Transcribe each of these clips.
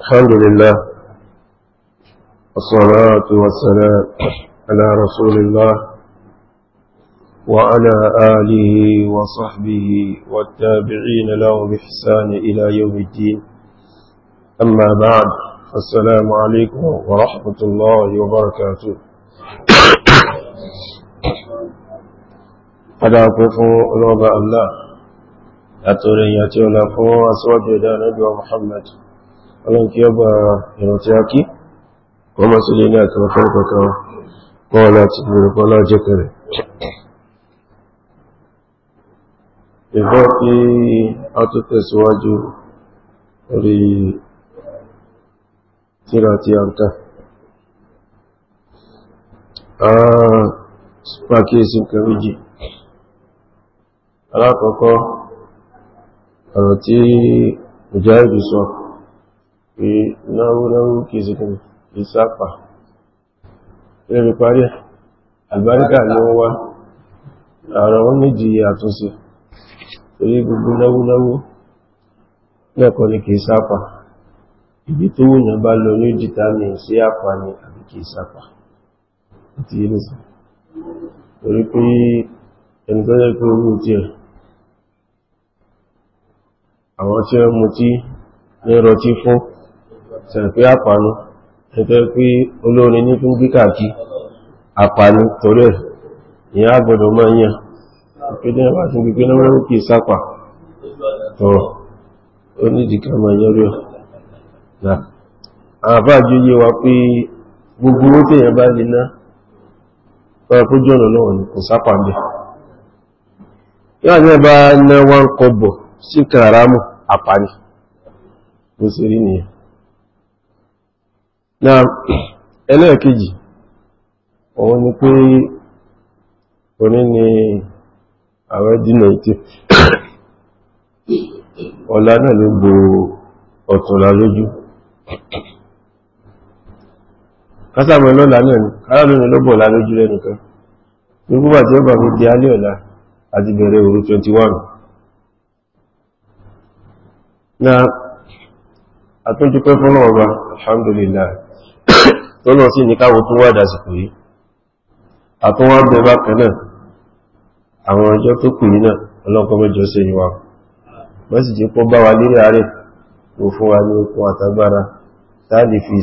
الحمد لله والصلاة والسلام على رسول الله وعلى آله وصحبه والتابعين له بإحسان إلى يوم الدين أما بعد السلام عليكم ورحمة الله وبركاته قد أقف رضا الله àtòrò èèyàn tí ó lọ fún aṣíwájú ẹ̀dá anábíwa Muhammad ọlọ́n kí ọba ìrùn tí a kí wọ́n máa sílé ní àtàwọn fẹ́rẹ̀kọ̀kan kọ́ láti gbìyànjú lọ́jẹ́ kẹrẹ̀ ìgbọ́ kí a tó tẹ̀síwájú alákọ̀ọ́kọ́ ọ̀rọ̀ tí ìjáàdù sọ pé náwúnáwú kìí síkún ìsápa lẹ́rí parí àgbáríkà ní wọ́n wá ààrẹ wọ́n méjì àtúnṣe torí gbogbo náwúnáwú lẹ́kọ̀ọ́ ni kìí sápa ibi tó wùnyàn bá lọ ní dìtàmì sí àpá ní àbí kìí sápa àti ilé sí torí pé ẹni tó yẹ kí ó tiẹ̀ àwọn tí wọ́n mutí ní rọtí fún sẹ̀pẹ́ àpánú ẹgbẹ́ pé olórin ní tún gbí kàkí àpánú torí ẹ̀ ìyá àgbọ̀dọ̀ máa yàn ìpínlẹ̀ ẹ̀bá tún gbígbé náà kì í sápà tọ̀rọ̀ ó ní ìdíkà máa yọrí ọ̀ àbájú yé wa pé gbogbo owó tèèyàn bá lè ná bá kójú ọ̀nà náà ní kò sápà ń bẹ̀ yóò ní ẹ̀bá ná wá ń kọ bọ̀ sí kàrámù àpàní bó ṣe rí nìyàn náà ẹlẹ́ẹ̀kejì òun ni pé òní ni àwẹ́ dínà ìtì ọ̀la náà ló gbò ọ̀tọ̀lá lójú kásàmọ̀ lọ́la náà ni káràlónà lọ́bọ̀ọ̀lá lójú lẹ́nìkan ní gbogbo àti ọba gbogbo alẹ́ ọ̀la àti bẹ̀rẹ̀ òru 21 na àtúntúpẹ́ fún ọba alhamdulillah tó náà sí ní tó wà dásìkò yìí àtúnwà bẹ bákan àwọn ọjọ́ tó kù yìí náà ọlọ́kọ́mẹ́jọ sí ìwà mẹ́sì jẹ́ kó bá wa lílẹ̀ ààrẹ fi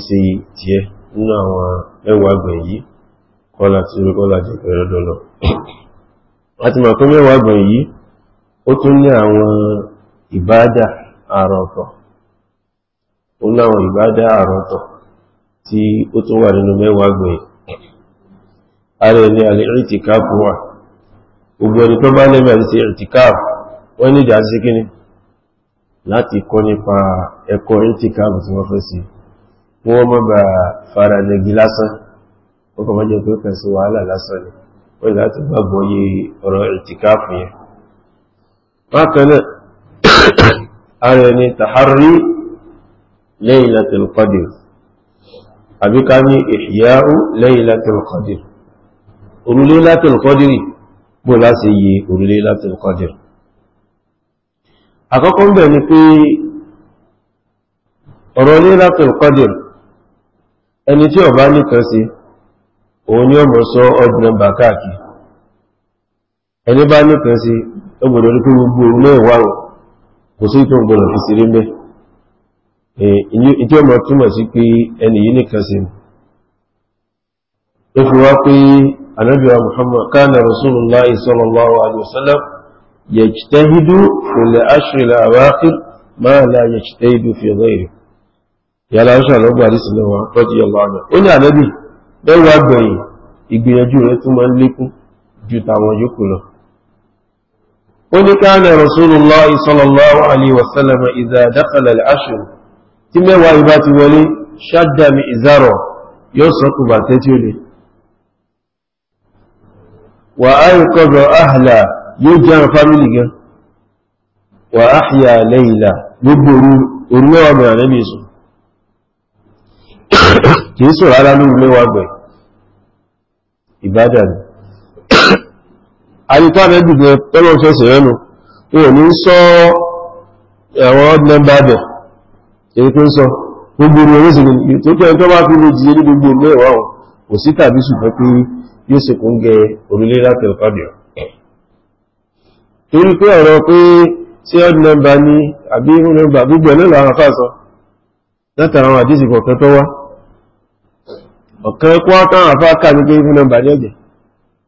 àrọ̀tọ̀ ó láwọn ìbádá àrọ̀tọ̀ tí ó tó wà nínú mẹ́wàá na ààrẹ ní alẹ́ ìtìkáàfù wà gbogbo ẹni tó bá lẹ́mẹ̀ àti ìtìkáàfù wọ́n ní ìdá sí kíní láti kọ́ nípa ẹ̀kọ́ ìtìkáàfù tí wọ́n fẹ́ fara lẹ́gi lásán ó kọ̀ mọ́jẹ́ pé wàhálà lásán ni wọ́n láti gbàgbọ́ yí ọ̀rọ̀ yẹn bákan náà ara ẹni tàhárí Laylatul Qadr àbí ká ní ìhìyàrú Laylatul Qadr òru Laylatul Qadr bó láti yí òru Laylatul Qadr àkọ́kọ́ ń bẹ̀ ni pé ọ̀rọ̀ Laylatul Qadr ẹni tí ọba nìkan òun ni ọmọ sọ ọdún ẹni bá nìkan ọgbọ̀dọ̀ ní pé gbogbo òun náà kò sí tó gbọ́nà fi sí rí mẹ́ ìdí ọmọ túnmọ̀ sí pé ẹni yìí nìkan sí ó fi wá pé anábíwa muhammad kánà rasulullah sallallahu alaihi wasallam yajtahidu fil ashri al-awakhir ma la yajtahidu fi ghayri yàrá ṣe àlọ́gbà àdìsí lọ́wọ́ àpọ́jì ọlọ́ àgbà ó ní ànábì bẹ́ẹ̀ wá gbẹ̀yìn ìgbìyànjú rẹ̀ tún máa ń lékún ju tàwọn yòókù lọ ní káàna rasulullah sallallahu alaihi wasallam idha dakhala al-ashr tí mẹ́wàá ìbá ti wọlé shadda mi izaro yóò sọ kù bà tẹ́ tí ó lè wà ayqadha ahla yóò jẹ́ àwọn fámìlì gan wà ahya layla gbogbo òru mẹ́wàá bẹ̀rẹ̀ lẹ́bí sùn kìí sọ̀rọ̀ ara mẹ́wàá bẹ̀rẹ̀ ìbádà àríkàrẹ́ dìgbẹ̀ tọ́lọ̀ fẹ́sẹ̀ rẹ̀ nù wọn ní sọ ẹ̀wọ̀n odd number bẹ̀ èyí tó ń sọ gbogbo ní orí sílẹ̀ tó kẹrin tó bá fi lè jìyẹ ní gbogbo ilé ìwà wọn kò sí tàbí ṣùgbọ́n pé yóò sì kún gẹ orílẹ̀ láti ni àbí odd number ní pé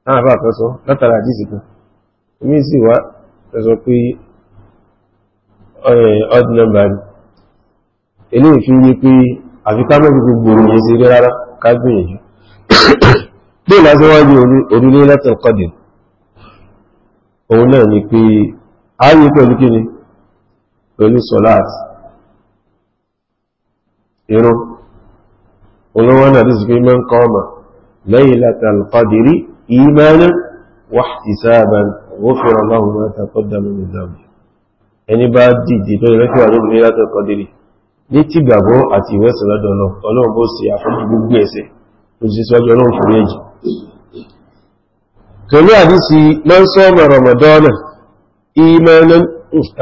náà bá kan sọ látara àdìsí kan omi sì wá sọ pé odd number ni eléyìí fi ní pé àfi ká mọ́ gbogbo ìyẹn sí rí rárá ká gbìyànjú bí ìlàsíwájú orílẹ̀ lẹ́tọ̀ kọ́dì òun náà ni pé ààyè pẹ̀lú kí ni pẹ̀lú sọ́láàtì irun olówó náà dìsí pé mọ́ ọmọ lẹ́yìn lẹ́tọ̀ kọ́dì rí إيمانا واحتسابا غفر الله ما تقدم من ذنبه ẹni bá dìde tó ìrẹ́kí wà lórí láti ọkọ̀ délé ní tí gbàgbọ́ àti ìwẹ́sẹ̀ lọ́dọ̀ ọlọ́run bó ṣe àfọ́jú gbogbo ẹ̀ṣẹ̀ tó sì sọ́jọ́ ọlọ́run fún méjì pẹ̀lú àdísí man sọ́mà ramadana imanan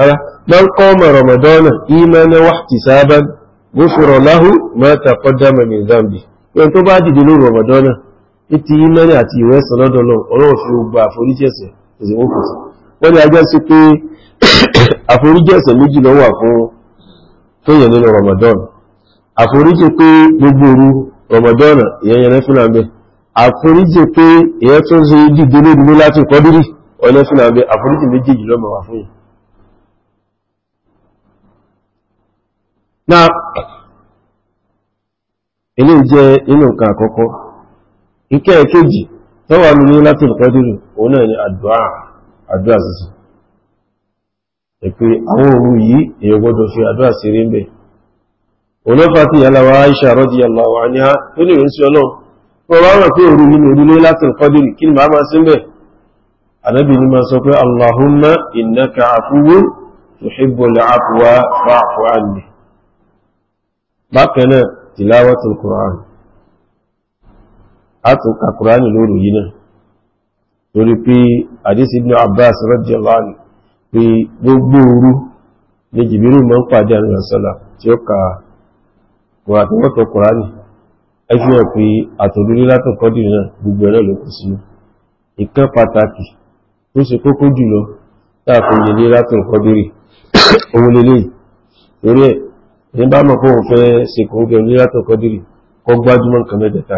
ara hmm, man qama ramadana imanan wahtisaban ghufira lahu ma taqaddama min ètí ìmẹ́rin àti iwe lọ́dọ̀ náà fi afọ àforíjẹ̀sẹ̀ òsìwọ́n kò sí wọ́n ní ajá sí pé àforíjẹ̀sẹ̀ méjì ló Ramadan pé gbogbo Ramadan fún pé ìyẹn tó ń dìde lórí láti ọlẹ́ fún wà fún yìí na ìkẹ́ kejì tó wà ní láti ìkọdìrì òun náà ni àdúà àdúà sísù ẹ̀pẹ́ àwọn òru yìí èyàn gbọ́dọ̀ fi àdúà sí rí mbẹ̀ olófà ti yàlàwà Aisha radiyallahu anha tó ní ìrìnsí ọlọ́ tilawatul Qur'an àtún kàkùránì lóòrò yìí náà torí pé àdísì ibn Abbas radiyallahu anhu pé gbogbo òru ní jìbìrì mọ́ ń pàdé àrùn àṣọ́là tí ó ka kùràtọ̀wọ́tọ̀ kùránì ẹgbẹ́ ẹ̀ pé àtòlórí látọ̀kọ́dì náà gbogbo ẹ̀rọ ló kù sí nǹkan pàtàkì tó ṣe kókó jùlọ táàfin yẹ ní látọ̀kọ́dì òun lélẹ́yìí torí ẹ̀ ní bá mọ̀ pé òun fẹ́ ṣe kòógẹ́ ní látọ̀kọ́dì kọ́ gbájúmọ́ nǹkan mẹ́tẹ̀ẹ̀ta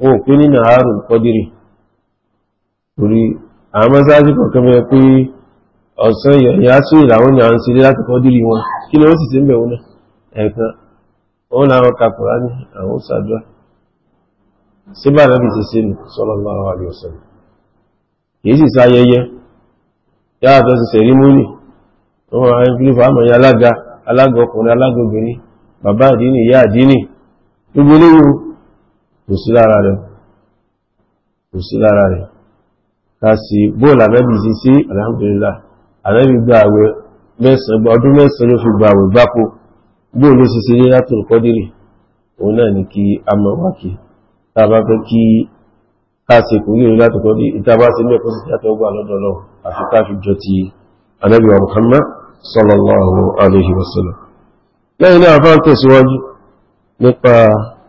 wọn ò ní nàárù kọ́dírì torí àwọn mọ́sáájú kọ̀ọ̀kan mẹ́rin pé ọ̀sán ìyá sí ìlàwọ́n ni à ń ṣeré láti kọ́dírì wọn kí ni wọ́n sì ṣe ń bẹ̀ wọn náà ẹ̀ẹ̀kan wọn ní àwọn ṣàdúrà síbà náà ti ṣe nù sallallahu alaihi wasallam kò sí lára rẹ̀ kò sí lára rẹ̀ ká sí bóòlù àbẹ́bì sí sí alhamdulillah àbẹ́bì gba àwẹ̀ mẹ́sàn-án ọdún mẹ́sàn-án ló fi gba àwẹ̀ gbáko bóòlù sí sí ní látò kọ́dírì òun náà ni kí a mọ̀ wá kí tá a bá fẹ́ kí ká sì kò yóò látò kọ́dírì ìta bá sí mẹ́kọ́ sí jáde ọgbà lọ́dọ̀ lọ àfi ká fi jọ ti ànábì wa Muhammad sallallahu alaihi wasallam lẹ́yìn náà bá ń tẹ̀síwájú nípa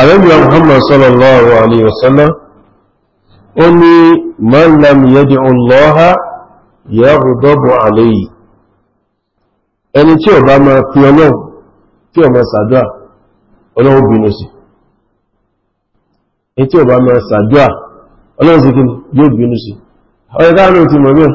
àrẹ́bíwá muhammad sallallahu alaihi wasallam ó ní man lam yad'u Allaha yaghdabu alayhi ẹni tí ó bá máa fi ọlọ́run tí ó máa sàdúà ọlọ́run bínú sí ẹni tí ó bá máa sàdúà sí kí yóò bínú sí ọ̀rẹ́ká náà ti mọ̀ mẹ́rin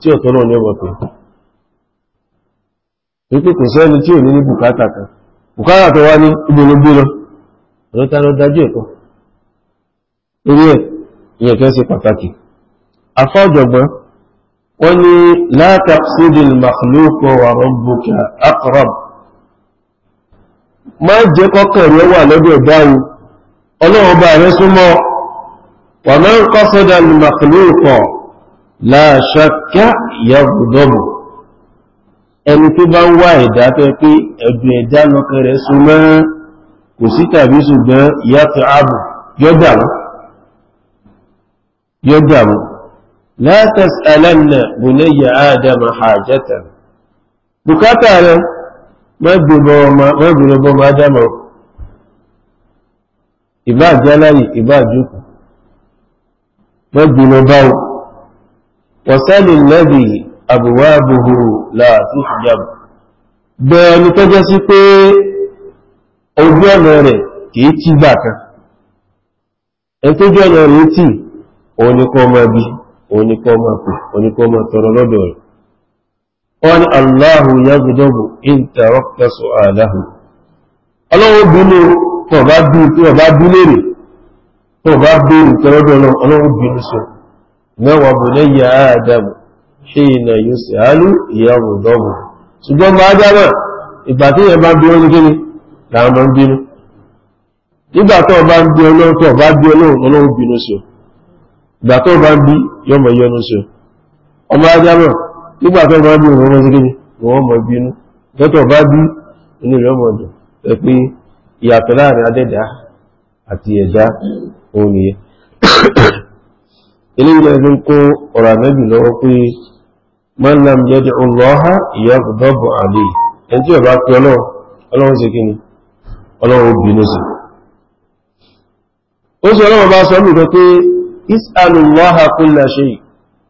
tí ọ̀tọ́ náà ní ọ̀tọ̀ wípé kò sẹ́ni tí ò ní ní bùkátà kan bukata tó wá ní gburugburu lọ ọ̀dọ́ lọ dájú ẹ̀kọ́ orí ẹ̀ si pàtàkì afọ́ ọ̀jọ̀gbọ́n wọ́n ní la tafsidil má jẹ́ rẹ̀ wà lọ́dọ̀ ọlọ́run bá rẹ̀ súnmọ́ láàṣákà yàgùdọ́bù ẹni tó bá ń wá ẹ̀dá tó pé ẹ̀dùn ẹ̀dá lọ́kẹ́ rẹ̀ sún mọ́ kò sí tàbí ṣùgbọ́n yàtọ̀ ààbò yọ́gbàmù látàs alẹ́nà bùnẹ́yà ádámà hajjata bukata rẹ̀ mẹ́bìnrẹ̀bọ́ ádámà wọ̀sẹ́lì lẹ́bì àbúwábùhù láàtúfìjàbù bẹ́ẹ̀ ni tó jẹ́ sí pé tí gbà kan ẹn tó jẹ́ ọ̀nà rẹ̀ tí oníkọ́ ma bí oníkọ́ ma tọrọ lọ́dọ̀ rẹ̀ wọ́n aláhù aláhù bí bí na wa bunayya adam hina yus'alu yardabu ṣùgbọ́n ma ádámà ìgbà tí yẹn bá bí ó ní kíni làwọn máa ń bínú nígbà tó bá ń bí ọlọ́run tó bá bí ọlọ́run bínú sí ọ ìgbà tó bá ń bí yọmọ yọnu sí ọ ọmọ ádámà nígbà bá bí òun ní bínú tọ́tọ̀ bá eléyìí náà fi ń kó ọ̀rọ̀ ànábì lọ́wọ́ pé man lam yad'u Allaha yaghdab alayhi ẹni tí ọba pé ọlọ́run ọlọ́run ṣe kí ni ọlọ́run obìnrin sí ó sì ọlọ́run bá sọ mí lọ pé is'alu Allaha kulla shay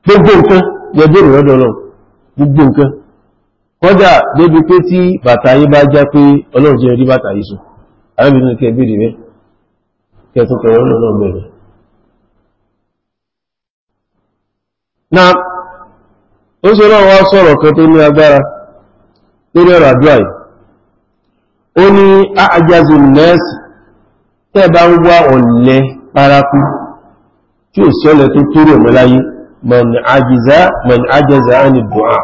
gbogbo nǹkan yẹ bèèrè lọ́dọ̀ ọlọ́run gbogbo kọjá débi pé tí bàtà bá já pé ọlọ́run ti rí bàtà yí sùn arábìnrin kẹ bèèrè rẹ kẹ tó kẹrẹ ọlọ́run bẹ̀rẹ̀ ó sì náà wá sọ̀rọ̀ kan tó ní agbára lórí ọ̀rọ̀ àdúrà yìí ó ní àjázù nẹ́ẹ̀sì tẹ́ bá ń wá ọ̀lẹ paraku tí ò sí ọ̀lẹ tó torí ọ̀mọ láyé mọ̀n àjíza mọ̀n àjẹza á ní dùn á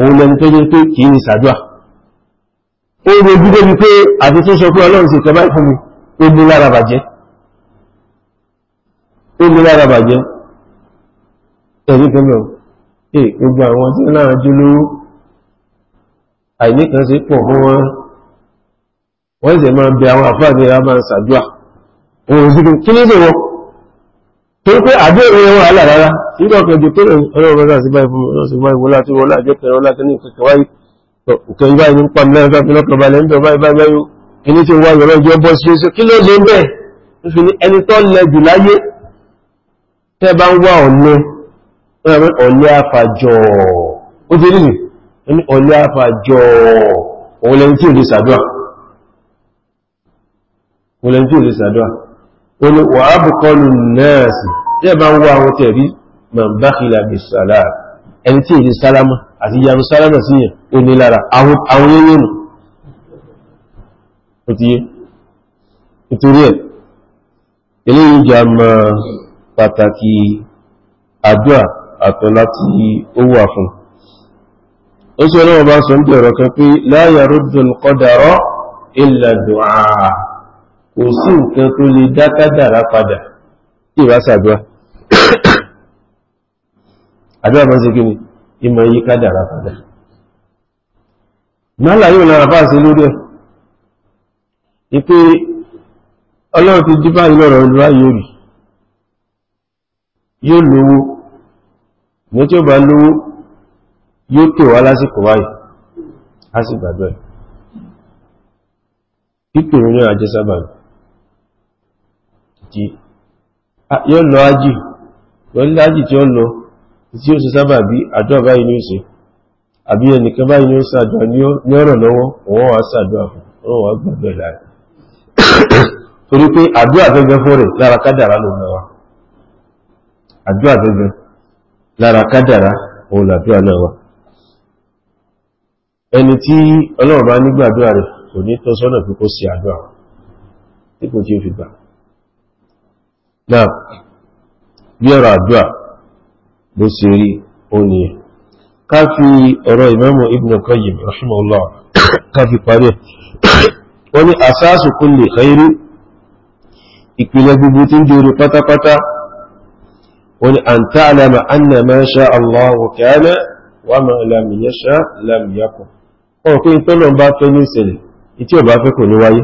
òun lẹni tó jẹ́ pé kìí ní sàdúà ó rò bí débi pé àti tó sọ pé ọlọ́run sì kẹbá ìfún mi ó ní lára bàjẹ́ ó ní lára bàjẹ́ ẹ̀rí kẹmẹ́rún èè gbogbo àwọn tí náà jólówó àìní kan sí pọ̀ fún wọn wọ́n sì máa bẹ àwọn àfáàdé a máa ṣàdúà òun sí kí ní sèwọ́ tó pé àbẹ́rẹ́ wọn wàhálà rárá nígbà kẹjọ tó rẹ̀ ọlọ́run rẹ̀ sí báyìí fún ọlọ́run sí báyìí wọlá tí wọlá àjọ kẹrẹ ọlá kẹni kẹkẹ wáyé òkè báyìí ní pàmì lẹ́yìn fẹ́ lọ́kọ̀ balẹ̀ ń bẹ̀ báyìí báyìí báyìí kìíní tí wọ́n yọ̀rọ̀ ìjọ bọ́ sí oṣù kí ló lè bẹ́ẹ̀ ń fi ní ẹni tó lẹ jù láyé tẹ́ bá ń wá ọ̀lẹ́ ọ̀lẹ́ àfàjọ́ ó ti rí ní ọ̀lẹ́ àfàjọ́ òun lẹ́ni tí ò lè sàdúà ó ní wà á bùkọlù náà sí tí ẹ bá ń wá àwọn tẹ̀rí ma ń bá kìlà bí sàlá ẹni tí èdè sálámà àti yanu sálámà sí yẹn ó ní lára àwọn yẹ́yẹ́ nù ó ti yé nítorí ẹ̀ eléyìí jà máa pàtàkì àdúà àtọ́lá tí ó wà fún ó sì ọlọ́wọ́ bá sọ ń bẹ̀rọ̀ kan pé la yaruddul qadara illa du'a kò sí nǹkan tó lè dá kádàrá padà tí ìbá sàdúrà àdúrà bá ń kí ni ìmọ̀ yí kádàrá padà mọ́là yóò lára bá sí lórí ẹ̀ ipé ọlọ́run ti díbà ìlọ́rọ̀ olúwa yóò rí yóò lówó ní tí ó bá lówó yóò tè wá lásìkò wáyìí á sì gbàgbẹ́ pípè ní àjẹsábà tí yóò lọ ájì pẹ̀lú ájì tí ó lọ tí ó sì sábà bí àdúrà báyìí ní ìṣe àbí ẹnìkan báyìí ní ó sàdúrà ní ọ̀rọ̀ lọ́wọ́ wọ́n wá sàdúrà fún wọ́n wá gbàgbẹ́ lára torí pé àdúrà gẹ́gẹ́ fún rẹ̀ lára kádàrá lòun náà àdúrà gẹ́gẹ́ lára kádàrá òun làdúrà náà wà ẹni tí ọlọ́run bá nígbàdúrà rẹ̀ kò ní tọ́ sọ́nà pé kó sí àdúrà tí kò tí ó fi gbà náà bí ọ̀rọ̀ àdúrà bó ṣe rí òun nìyẹn ká fi ọ̀rọ̀ ìmáàmù Ibn Qayyim rahimahullah ká fi parí ẹ̀ wọ́n ni àsáàsù gbogbo tí ń pátápátá wọ́n ni an ta'lama anna ma sha Allahu kana wa ma lam yasha lam yakun wọn kí n tó lọ bá fẹ́ ní ìṣẹ̀lẹ̀ ìtí ò bá fẹ́ kò ní wáyé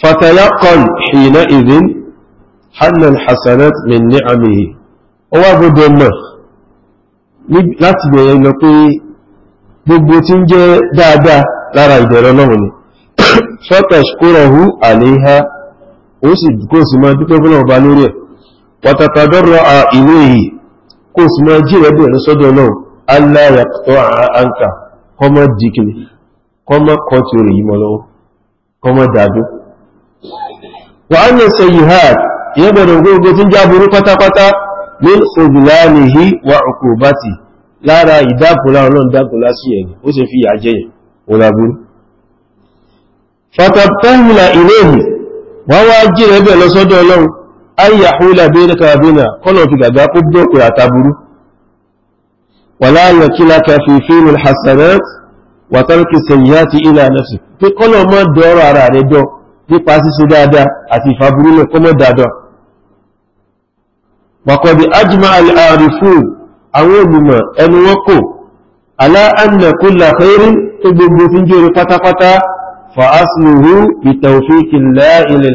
fatayaqan hina idhin hanna alhasanat min ni'amihi ó wá gbogbo ọmọ láti bẹ̀rẹ̀ lọ pé gbogbo tí ń jẹ́ dáadáa lára ìbẹ̀rẹ̀ ọlọ́run ni fọ́tàṣkúrọ̀hú àléhá ó sì kó sì máa dúpẹ́ fún ọba lórí ẹ̀ wàtàtàdọ́rọ̀ à ìwé yìí kó sì máa jí rẹ̀bẹ̀ rẹ̀ sọ́dọ̀ náà aláyàtọ̀ àǹkà kọmọ dìkìlì kọmọ kọtí orí yìí mọ́lọ́wọ́ kọmọ dàdó wà á lè sẹ yìí hàt ìyẹ́ bẹ̀rẹ̀ tí ń já burú pátápátá ní òbìláàlìhí wà ọkọ̀ lára ìdákùnlá ayà húlà bẹ́ẹ̀rẹ̀ kàbínà kọ́nà fi gàgá kó dókè àtàbúrú wàláyà kí láka fi fíìmù hasanat wàtàrkì sẹ̀yà ti ilà nafsi pé kọ́nà mọ́ dọ́rọ̀ ara rẹ̀ dọ́ nípa síse dáadáa àti ìfàbúrú lẹ̀ kọ́mọ́ dáadáa wàkọ̀dì ajima al'arifu àwọn olùmọ̀ ẹnu wọn kò aláàánà kó làkẹ́rí tó gbogbo fi ń jẹ́ orí pátápátá fa asìlúhu ìtàwfíkì láìlẹ̀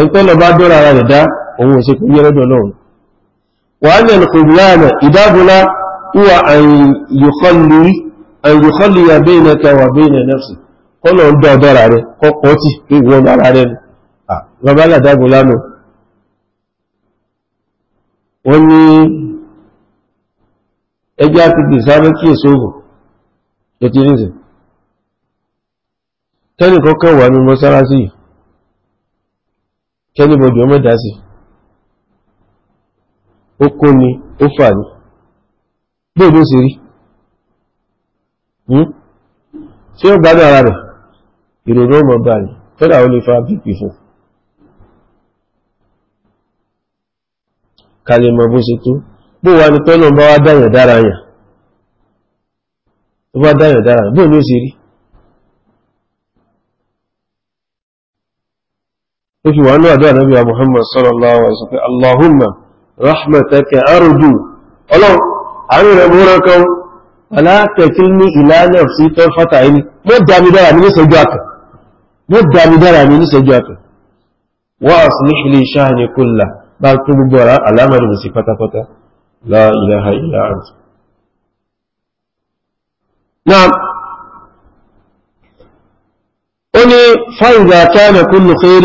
ẹnkọ́lọ bá dọ́ra ara rẹ̀ dá òun òsìkò ní ẹrẹ́dọ̀ lọ́run wà ní alkùnrinlẹ̀ ìdábùlá wà àyíkọ́lìyà bẹ́ẹ̀nẹta wà bẹ́ẹ̀nẹ̀ nẹ́fsì kọ́lọ̀ ń dọ́ dọ́ra rẹ̀ kọ́kọ́ tí ìwọ̀n ara rẹ̀ babalá dábùlá nù wọ́n ní ẹjá ti bì sáré kí èso yìí kẹ́nìbọ̀dì ọmọ dá sí ó kó ni ó fà ní bóò ló ṣe rí hmm? ṣé ó gbádùn ara rẹ̀ ìrònú ọmọ bá ní kódà ó lè fa bípì fún kalẹ̀ mọ̀ bó ṣe tó bó wà ní tọ́nà bá wá dáyàn dára yàn tó bá dáyàn dára yàn bóò ló rí oṣù wà ní àdá ànábì Muhammad sallallahu alaihi wasallam Allahumma rahmataka arju ọlọ́run àárín rẹ̀ mú rán kan aláàtẹ̀kín ní ìlànà sí tọ́ fata ẹni mọ́ dámidára ní níṣẹ́jú àkà mọ́ dámidára ní níṣẹ́jú àkà wa aslih li sha'ni kullah bá tó gbogbo alámàrí mi sí pátápátá la ilaha illa anta نعم قل فإذا كان كل خير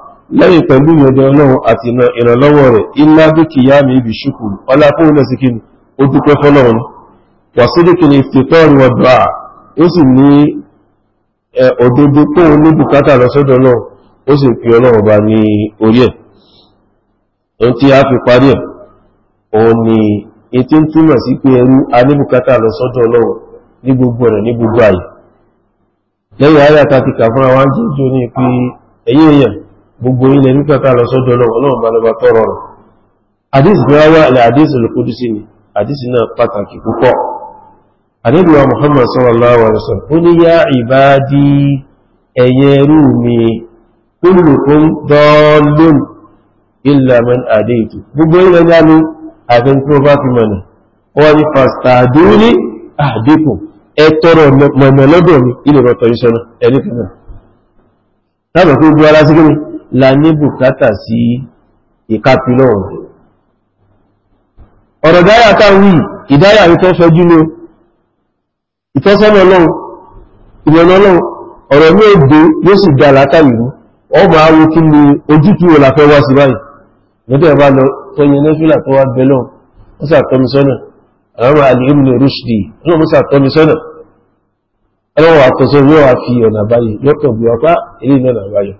lẹ́yìn pẹ̀lú ìyẹ̀dẹ̀ ọlọ́run àti ìrànlọ́wọ́ rẹ̀ ilá dúkìá mi ibi ṣùkù ọlá fún ilẹ̀ sí kí ó dúpẹ́ fọ́lọ́run wà sí dúkì ní fìtọ́rì wọn dùá ó sì ní òdodo tó ní bùkátà lọ́sọ́dọ̀ náà ó sì pè ọlọ́run bá ní orí ẹ̀ ohun tí a fi parí ẹ̀ òun ni ètí ń túmọ̀ sí pé ẹrú a ní bùkátà lọ́sọ́dọ̀ ọlọ́run ní gbogbo rẹ̀ ní gbogbo àyè lẹ́yìn ayé àtàkìkà fúnra wa ń jẹ́ ìjọ pé ẹ̀yìn èèyàn gbogbo ilẹ̀ nígbà tá lọ sọ́dọ̀ Ọlọ́run Ọlọ́run bá lọ́ba tọ́rọ rẹ̀ àdísì bí wá ilẹ̀ àdísì olùkúdùsí ni àdísì náà pàtàkì púpọ̀ àdébíwá Muhammad sallallahu alaihi wasallam ó ní ni ilẹ̀ rọ̀tọ̀ ìṣẹ́nà ẹni kanáà tábà kó gbọ́ ara sí la ní bùkátà sí ìkápilọ́rùn ọ̀rọ̀ dáyà táwí ìdáyà ní tó sọjú ló ìtọ́sọ́nà ọlọ́run ìrọ̀nà ọlọ́run ọ̀rọ̀ ní èdè yóò sì gbà látàlìrú ọmọ àwọn kí ni ojútú ò láfẹ́ wá sí báyìí lọ́dẹ̀ bá lọ tọyìn lẹ́fílà tó wá bẹ́lọ́ ó sàtọ́misọ́nà àwọn àlèémù ní rúṣdì ọlọ́run sàtọ́misọ́nà àtọ́sọ́ yóò wá fi ọ̀nà báyìí yọ́kọ̀ bí ọpá ilé ìnà báyìí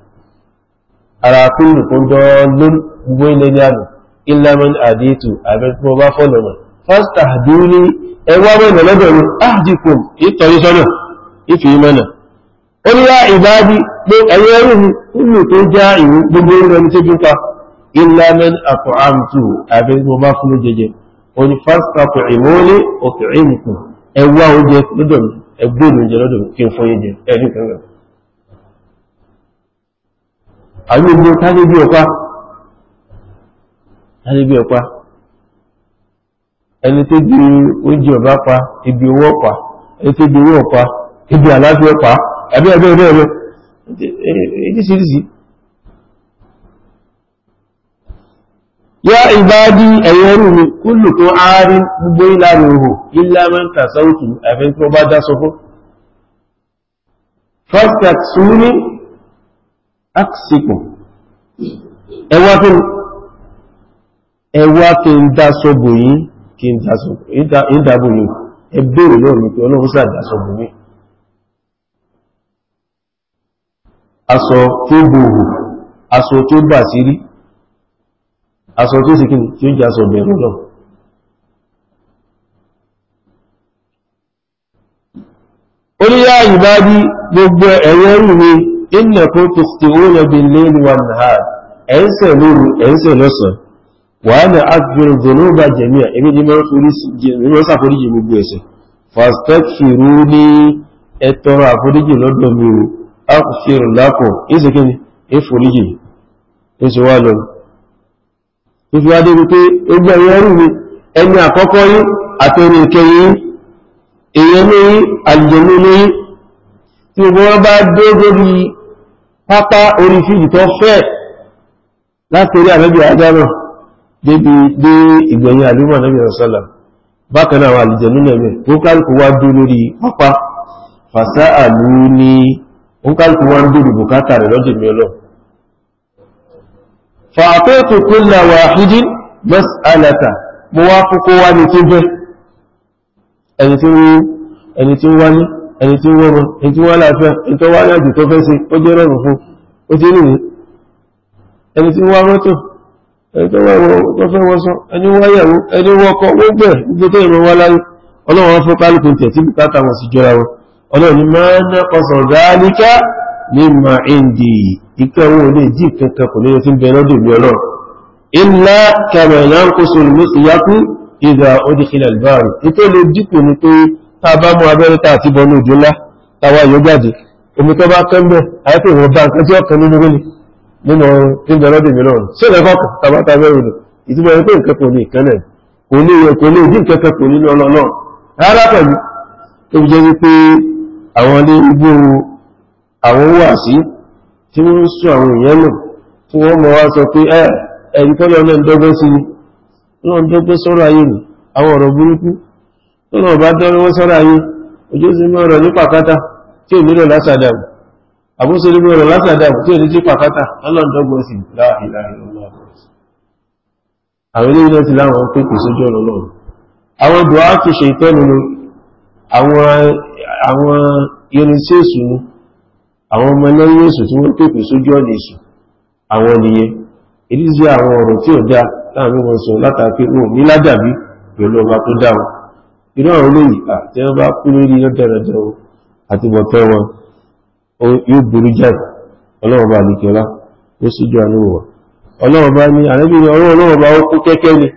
ara kúlù kó dọ́ọ̀lún gbogbo ilẹ̀ ní àmì ìlàmìn àdétù àbẹ́tí mo bá fọ́nà mọ̀ fásità dúró ní ẹwà mẹ́rin lọ́dọ̀ mi áàdìkùn ìtọ́jú sọ́nà ìfì mẹ́nà ó ní ìbáàdí pé ẹ̀yẹ ẹrù mi kúlù tó já ìwú gbogbo àbí gbogbo tálé bí ọ̀pá tálé bí ọ̀pá ẹni tó di oúnjẹ ọ̀bá pa ibi owó ọ̀pá ẹni tó di owó ọ̀pá ibi àlàáfíà ọ̀pá ẹ̀bí ẹ̀bí ẹ̀bí ẹ̀bí ìdísìírísì yá ìbádí ẹ̀yẹ rú mi gbogbo òhò ilá mẹ́ta tó bá dá àkṣìkò ẹwà fi ẹwà yìí kí ń yìí ẹgbèrè lọ́rùn ní pé ọlọ́run sàdáṣọ́bù yìí aṣọ tó aṣọ bà sí rí aṣọ sì kíni tí ó jẹ́ aṣọ lọ ìbá bí gbogbo inna kó tó ti ó yẹ bí lẹ́nu wa nà ha ẹ̀ńsẹ̀ lóru ẹ̀ńsẹ̀ lọ́sàn wà á ní agbèrè zòló bá jẹ̀mí à èmi ni wọ́n ṣàforíjì gbogbo ẹ̀ṣẹ̀ fàstẹ́kìrú ní ẹ̀tọ́rọ àforíjì lọ́dọ̀ mi o áfìrì lákọ̀ ìsìnkí ìforíjì ìṣẹ́ wá lọ fífi wá dé wípé ẹgbẹ́ ẹ̀rù mi ẹni àkọ́kọ́ yí àtẹni ìkẹyìn èèyàn ní àjẹ̀mí ní tí gbogbo wọn bá dé lórí pátá orí fíjì tó fẹ́ látòrí ànábì àdámà débi dé ìgbẹ̀yìn àlúmọ̀ ànábì ọ̀sọ́là bákan àwọn àlìjẹ̀nú nẹ̀mẹ̀ oúnkálùkù wá dú lórí pápá fàṣà àlú ní oúnkálùkù wá ń dúrù bùkátà rẹ̀ lọ́dún mi ẹni tí wọ́n mọ́ ẹni tí wọ́n láfẹ́ ẹni tó wá láàjù tó fẹ́ sí ó jẹ́ rọrùn fún ó ti nìyí ẹni tí wọ́n mọ́tò ẹni tó wá tó fẹ́ wọ́n sọ ẹni wọ́n yẹ̀wò ẹni wọ́n kọ wọ́n gbẹ̀ nígbà tó ìmọ̀ wá láyé ọlọ́run fún kálukú tẹ̀ tí bùkátà wọn sì jọra wọn ọlọ́run ni máa ń ọsọ̀ dáálíkà ní ma indi ìkẹ́ wọn ò lè dí kankan kò lóye tí ń bẹ lọ́dọ̀ mi ọlọ́run ilá kàmẹ̀lá ń kó sọ̀rọ̀ ló ti kú ìgbà ó di kílẹ̀ lùbáàrù nítorí dípò ni pé tá a bá mú abẹ́rẹ́ tá a ti bọ̀ ní òjò ńlá táwa yóò jáde omi tó bá kán bẹ̀ àyẹ́pẹ́ ìwọ̀n bá nǹkan tí ọkàn nínú wílì nínú ìjọ lọ́dẹ̀ mi lọ́rùn sí ẹ̀kọ́ kan tàbá ta bẹ́rẹ̀ lò ìtumọ̀ ẹni pé nǹkan kò ní ìkan náà kò ní ìyẹn kò ní ìdí nǹkan kan kò nínú ọlọ́ náà rárá pẹ̀lú tó fi jẹ́ tó lọ bá tọ́rọwọ́ sọ́rọ̀ ayé ojú sí mọ́ ọ̀rọ̀ ní pàkátà tí ò nílò lásàdàbù àbúsọ ní mọ́ ọ̀rọ̀ lásàdàbù tí ò ní jí pàkátà ọlọ́ndọ́gbọ̀n sí láàrín ìdí sí àwọn ọ̀rọ̀ tí ò dá láàrin wọn sọ látàkí òun ní ládàbí pẹ̀lú ọba tó dáwọn inú àwọn olóyìí àti wọ́n bá kú lórí iná dẹ̀rẹ̀dẹ̀ o àti bọ̀tẹ́ wọn yóò burú jáì ọlọ́run bá lè kẹ́lá ó sì jọ àánú wà ọlọ́run bá ní àrẹ́bí ni ọlọ́run ọlọ́run bá ó kú kẹ́kẹ́ ni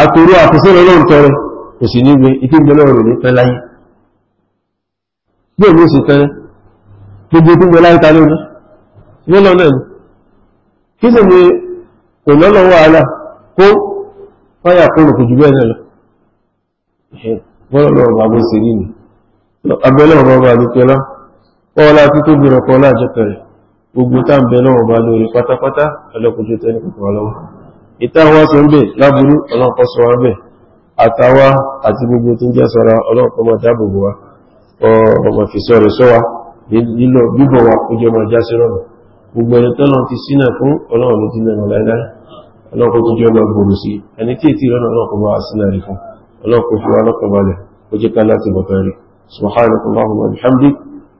àtòrò àfisẹ́rẹ̀ ọlọ́run tọrẹ kò sì ní gbé ìtìgbẹ́ lọ́rùn ní pẹ́ láyé bí òun sì tẹ́rẹ́ gbogbo ìtìgbẹ́ láyé ta lónìí nílọ náà ni kí sì ni kò lọ́lọ́wọ́ àlà kó fáyà kó kò jù bẹ́ẹ̀ náà lọ bọ́lọ̀lọ́ ọba bó ṣe rí ni abẹ́lẹ̀ ọba ọba àdúpẹ́lá ọlá tí tó gbìrọ̀ kan láàjẹ́ pẹ̀rẹ̀ gbogbo tá ń bẹ̀lẹ̀ ọba lórí pátápátá ọlọ́kùnjú tẹ́ni kòkòrò lọ́wọ́ ìta wá sọ ń bẹ̀ láburú ọlọ́pọ̀ sọ wá bẹ̀ àtàwá àti gbogbo tí ń jẹ́ sọ́ra ọlọ́pọ̀ mọ́ dáàbòbò wa ọmọ fìsọ rẹ̀ sọ wa nílò bíbọ̀ wa kójọ máa já sí rọ̀nà gbogbo ẹni tọ́lọ̀ ti sínà fún ọlọ́run ló ti nẹ̀rọ láíláí ọmọ gbòòrò ولا قوه ولا قوه الا بك وجهك لا سبحانك اللهم وبحمدك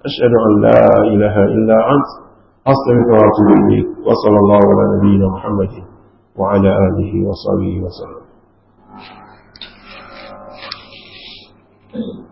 اشهد ان لا اله الا انت استغفرك واتوب اليك وصلى الله على نبينا محمد وعلى اله وصحبه وسلم Thank you.